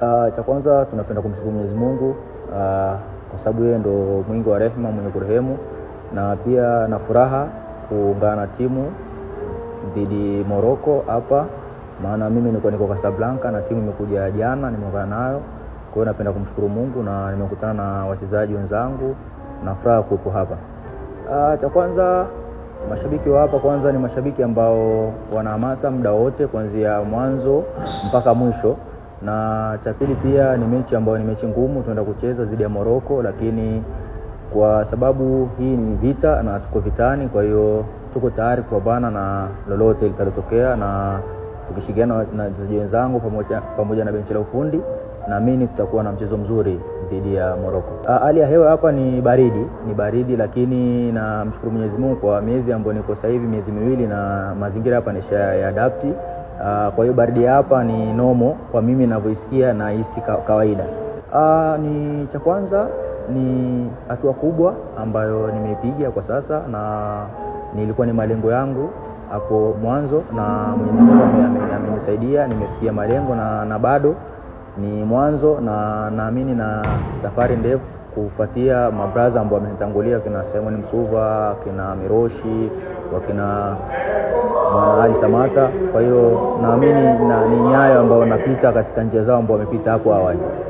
Uh, cha kwanza tunapenda kumshukuru Mwenyezi Mungu uh, kwa sababu yeye ndo mwingi wa rehema, mwenye kurehemu, na pia na furaha kuungana na timu dhidi moroko hapa, maana mimi nilikuwa niko Casablanca na timu imekuja jana, nimeungana nayo. Kwa hiyo napenda kumshukuru Mungu na nimekutana na wachezaji wenzangu na furaha kuwepo hapa. Uh, cha kwanza mashabiki wa hapa kwanza ni mashabiki ambao wanahamasa muda wote kuanzia mwanzo mpaka mwisho na cha pili pia ni mechi ambayo ni mechi ngumu tunaenda kucheza dhidi ya Morocco, lakini kwa sababu hii ni vita na tuko vitani, kwa hiyo tuko tayari kupambana na lolote litatotokea na tukishirikiana na wachezaji wenzangu pamoja, pamoja na benchi la ufundi naamini tutakuwa na mchezo mzuri dhidi ya Morocco. Ah, hali ya hewa hapa ni baridi, ni baridi, lakini namshukuru Mwenyezi Mungu kwa miezi ambayo niko sasa hivi, miezi miwili, na mazingira hapa nisha ya adapti Uh, kwa hiyo baridi hapa ni nomo kwa mimi ninavyoisikia na hisi kawaida. Uh, ni cha kwanza ni hatua kubwa ambayo nimeipiga kwa sasa, na nilikuwa ni malengo yangu hapo mwanzo, na Mwenyezi Mungu amenisaidia nimefikia malengo na, na bado ni mwanzo, na naamini na safari ndefu kufuatia mabraza ambao wamenitangulia, kina Simon Msuva, kina Miroshi, wakina na Ali Samata. Kwa hiyo naamini na ni nyayo ambayo napita katika njia zao ambao wamepita hapo awali.